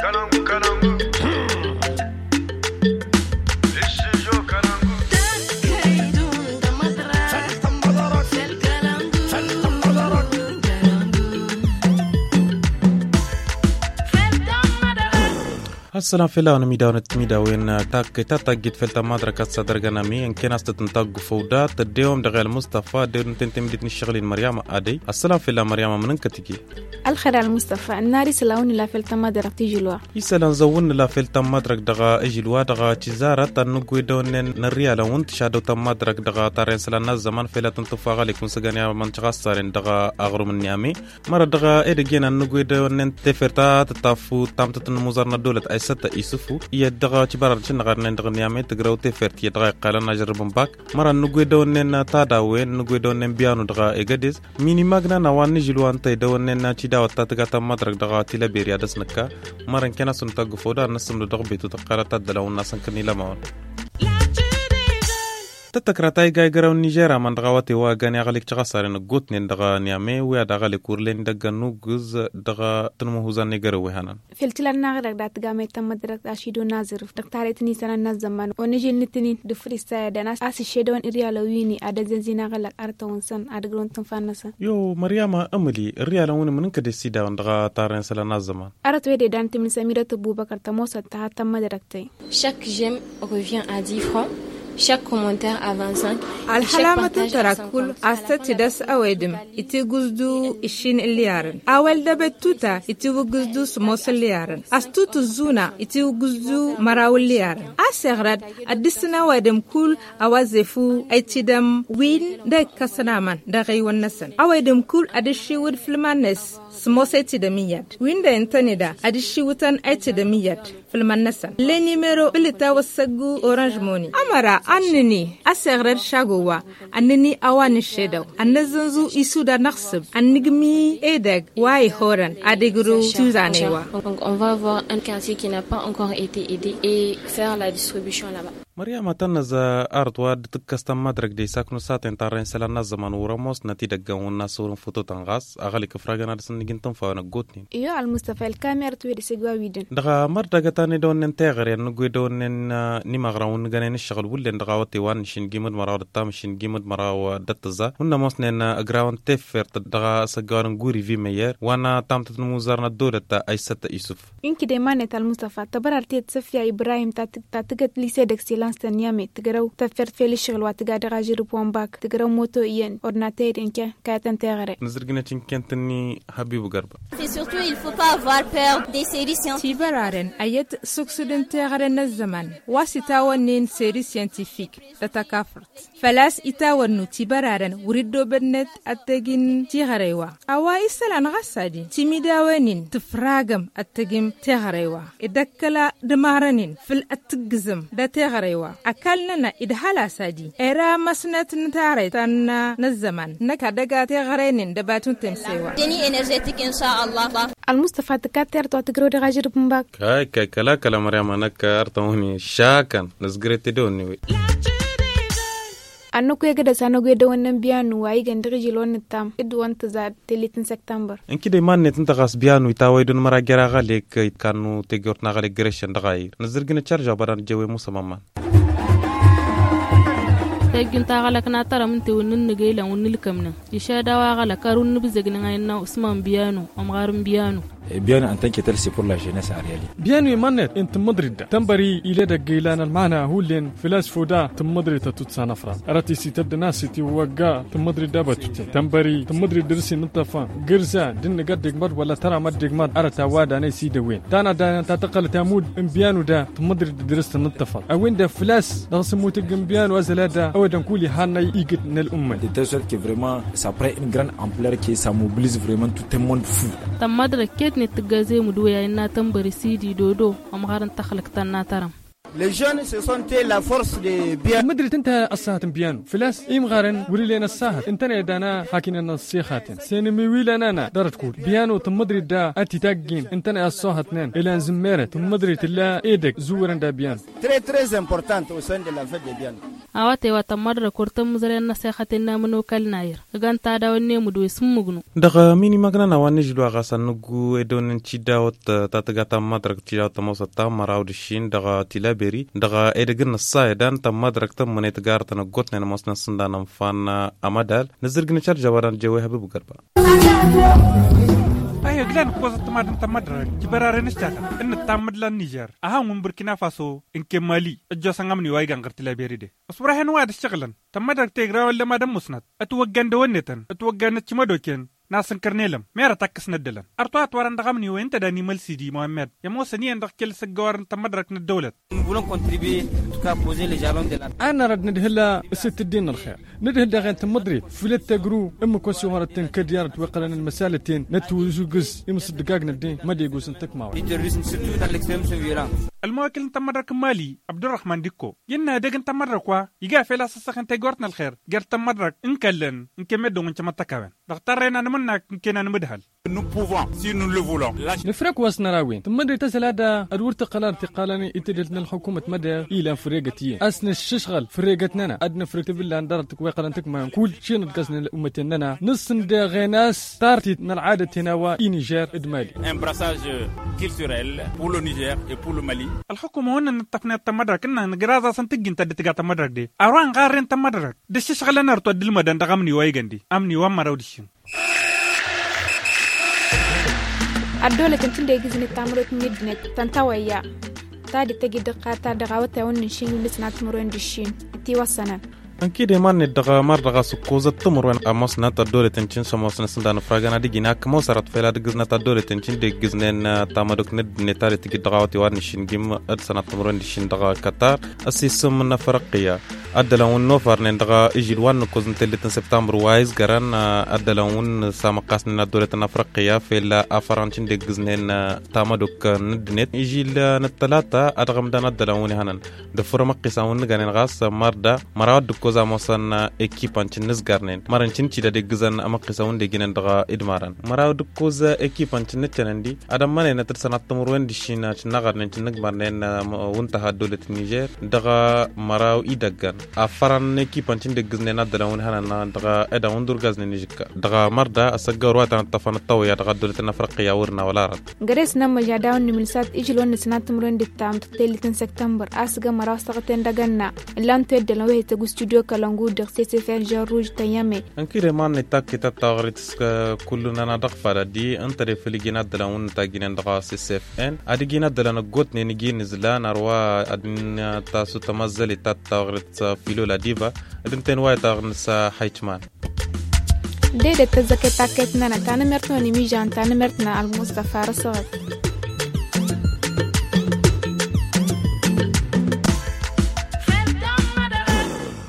Calango, calango. السلام في لون ميدان التميدا وين تاك تاك في التمادرة كات صدر ان كان است تنطق فودا تديهم دغال مصطفى دون تنتم ديت الشغلين مريم ادي السلام في لون مريم من كتكي الخير على مصطفى النار سلاون لا فلتا مادرا تيجلوا يسلا زون لا في التمادرة دغا اجلوا دغا تزارة تنقوي دون نريا لون تشادو تم دغا تارين سلا الزمان فيلا تنطفى غالي كون سغانيا من تغسرين دغا اغرو من نيامي مرة دغا ادجينا نقوي دون تفرتات تطفو تام تتنموزرنا دولة sata isufu yeddaga cibararci nagarnendagniame tigrawte ferti yeddaga iqalana jarbambak mara nugwedawonnen tadawe nugwedawonnen biyanu daga egades minimagna nawanni jilwantay dawonnen cidawatta tigata madrag daga tilaberiadasnaka maran kena sunta gufoda nasamdu dagbetu taqalata dalawunna sankani lamawan تتكرا تايغا يغراو نيجيرا من دغواتي واغاني غاليك تغسر ان غوتني دغا نيامي ويا دغا لي كورلين دغا نوغز دغا تنمو هوزان نيغرو وهانان فلتلا نغرق دات غامي تم درك اشيدو نازر دكتاري تني سنه ناس زمان ونجي نتني دفري سايدا ناس اسي شيدون اريالا ويني ادا زنزينا غلق ارتون سن ادغرون تنفانسا يو مريما املي الريالا ون من كد سيدا دغا تارن سلا ناس زمان ارتو دي دانت من سميره بوبكر تموسا تا تم دركتي chaque gemme revient à 10 francs alhalamatan tarakul astati das awedim iti guzdu ishin ilyarin awel dabet tuta iti guzdu sumos ilyarin astutu zuna iti guzdu maraw ilyarin asegrad adisina awedim kul awazefu aitidam win da kasanaman da gaiwan nasan awedim kul adishi wud filmanes sumos aitidamiyad win da intanida adishi wutan aitidamiyad filman nasan le numero bilita wasagu orange money amara annini a segrer shagowa annini awan shedaw anna zanzu isu da naxsib annigmi edeg wai horan adegru tuzanewa. Donc on va avoir un quartier qui n'a pas encore été aidé et faire la distribution là-bas. maryama tan naza ardwa dtkastan madrak de saknu saten tarren selanna zaman ورموس نتيجة قونا صور فوتو تنغاس أغلى كفراغ أنا رسن نجن تنفع نقطني إيو على مصطفى الكاميرا تويري سجوا ويدن دغا مرد قتاني دون نتغير يعني نقول دون نما غراون نجاني نشغل ولا دغا وتيوان شين جيمد مرا ودتام شين جيمد مرا ودتزا هنا موس نن أجراون تفر دغا سجوا نقول في مير وانا تام تتموزر ندورة تا أي ستة يوسف إنك دايما نتال مصطفى تبرر تيت سفيا إبراهيم تاتك تاتك ليسيدك سيلان France ta Niamey tigraw taffert feli shigilwa tiga daga jiri bombak tigraw moto iyen ordinateur inke kayatan tegare nazirgina cinkentini Habibu Garba surtout il faut pas avoir peur des séries scientifiques tibararen ayet suksudin zaman nazaman wasitawan nin séries scientifiques scientifique tatakafrt falas itawannu tibararen wuriddo bednet attegin tigarewa awa isalan gasadi timidawenin tifragam attegim tigarewa idakala demaranin fil attigizim da tigarewa a akalla nana idhala sadi era masnat na tare tanna na zaman na kadaga te garenin da batun temsewa tani energetic insha Allah al mustafa المصطفى تكاتر تو تقرو دغاجر بمباك كاي كاي كلا كلا مريم انا كارتوني شاكن نزغرتي دوني وي anna kuya gada sana guya da wannan biyanu wayi ga ndir jilo ni tam idu wanta za telitin september inki de man ne tinta gas biyanu ita way don mara gera gale kanu te gort na gale greshen da gayi na zirgina charge baran jewe musa mamman tagin ta galak na tara min te wonin ne gela wonin kamna isha dawa galak karun ne bizegna ngayna usman biyano amgarin biyano بيان أن تنكي تلسي بور لا جينيس أريالي بيانو يمنت أنت مدريد تنبري إلى دقيلان المعنى هولين لين فلاسفو دا تمدرد تتسا نفرا أراتي سي تد ناسي تي وقا تمدرد دابا تنبري تمدرد درسي نتفا قرزا دن قد دقمد ولا ترى مد دقمد أرتا وادا نيسي دوين دانا دانا تتقل تامود بيانو دا تمدرد درسي نتفا أوين دا فلاس دا سموت بيانو أزلادا أو دنكولي هانا يقت الأمة دي تسوت كي فريمون سا بري ان جران امبلير كي سا موبيليز فريمون تو تيمون فو تمدرد كيت ne tigaze mu doya na tambari sidi dodo amharan takhlaqtan na taram Les jeunes se sont la force de bien مدري تنتهى الساعة بيان فلاس إيم غارن ولي لنا الساعة انتنا دانا حاكينا نصيحات سين ميوي لنا نا دارت كول بيانو تم مدري دا أتي تاقين انتنا الساعة تنين إلى نزميرة تم مدري تلا إيدك زورن دا بيان تري تري important au sein de la fête de بيان awate wata madra kurta muzare na sai khatina munu kalnair ganta da wanne mu do smugnu daga mini magna na wanne jilu aga sanugu edonen chida wat ta ta gata madra chida ta mosa ta marawd shin daga tilaberi daga edegin sa dan ta madra ta munet gar ta got na mosna sunda nan fan amadal nazirgin char jawaran jewe habibu garba አይ እግላን እኮ ዘተማድን ተማድረን ጅበራረን ስቻታ እንታምድላ ኒጀር አሃን ውን ቡርኪና ፋሶ እንኬ ማሊ እጆ ሰንጋምን ዋይ ጋንቅርቲ ላይ ቤሪደ እስቡራሄን ዋ ደስቸቅለን ተማደርክቴ እግራወን ለማደም ሙስናት እትወገ እንደወኔተን እትወገ ነች መዶኬን ناسن كرنيلم ميرا تاكس ندلن ارتوات وارن دغام نيو انت داني مل سيدي محمد يا موسى اندخ كل سغور انت مدرك ندولت انا رد ندهلا ست الدين الخير ندهل دغ انت مدري فلت غرو ام كوسي وار تنكر ديار توقلن المسالتين نتوجو قز ام صدقاق ندي ما ديغوس انتك ماور المواكل تمرك مالي عبد الرحمن ديكو ينا دغن تمرك وا يغا فيلا سسخن تي غورتنا الخير غير تمرك انكلن انكمدو من تمتكاون دغترينا نمنك انكنا نمدهل Nous pouvons, si nous le voulons. الفرق واسنراوين ثم دري تسال هذا الور تقال انتقالني اتدلتنا الحكومة مدى الى فريقتي اسنا الششغل فريقتنا ادنا فريق تبلا اندرتك ويقرنتك ما كل شيء نتقسنا لامتنا نص غيناس تارتي من العادة تناوى نيجير ادمالي كولتوريل بور لو نيجير اي بور لو مالي الحكومة هنا نتفنا تمدرك ان غرازا سنتجن تد تجا تمدرك دي اروان غارين تمدرك دي شغلنا رتو دلمدان دغمني وايغندي امني وما رودشين ar la tantin da ya gizini ta muro ta midnet ta tawaya ta di ta gida ta daga wata wannan shi ne na tumuro shi ti wasana أكيد ما ندغى ما ندغى سكوزة تمر وين أموس نتا دولة تنشين شموس نسندا نفرجا نادي جينا كموس رات فيلا دجز نتا دولة تنشين دجز نن تامدوك ند نتاري تجي دغى وتوار نشين جيم أد سنة تمر وين نشين دغى كتار أسيسم نفرقية أدلون نوفر ندغى إجيل وان نكوز نتلي تن سبتمبر وايز غران أدلون سام قاس نن دولة نفرقية فيلا أفرانشين دجز نن تامدوك ند نت إجيل نتلاتة أدغم دان أدلون هنن دفرمق قيسون نغان غاس مردا مراد koza mosan na ekipan cin nisgarnen maran cin ci da de gizan ama kisa wanda ginen daga idmaran mara duk koza ekipan cin nitanen di adam mane na tirsan atamur wendi shi na cin nagarnen cin nigmarnen na wunta ha dolet niger daga mara idaggan a faran ekipan cin da gizne na dalan wani hanan na daga eda wundur gazne ni jikka daga marda a saggar wata na tafan tawaya daga dolet na farqiya wurna walarat gares na majadawan nimilsat ijilon nisanatamur wendi tam telitin september asga mara wastaqaten daganna ilan tuedalan wehitagu studio studio kalangu dirse se fer jarouj tayame ankire man ne tak kitab tagrit kullu nana dak fara di antare filigina dala un tagina daga ccfn adigina dala na got ne nigi nizla narwa adin tasu tamazzali tat tagrit filo la diva adin tenwa tagrin sa haitman ديدك تزكي تاكيتنا تانا مرتنا نميجان تانا مرتنا المصطفى رسول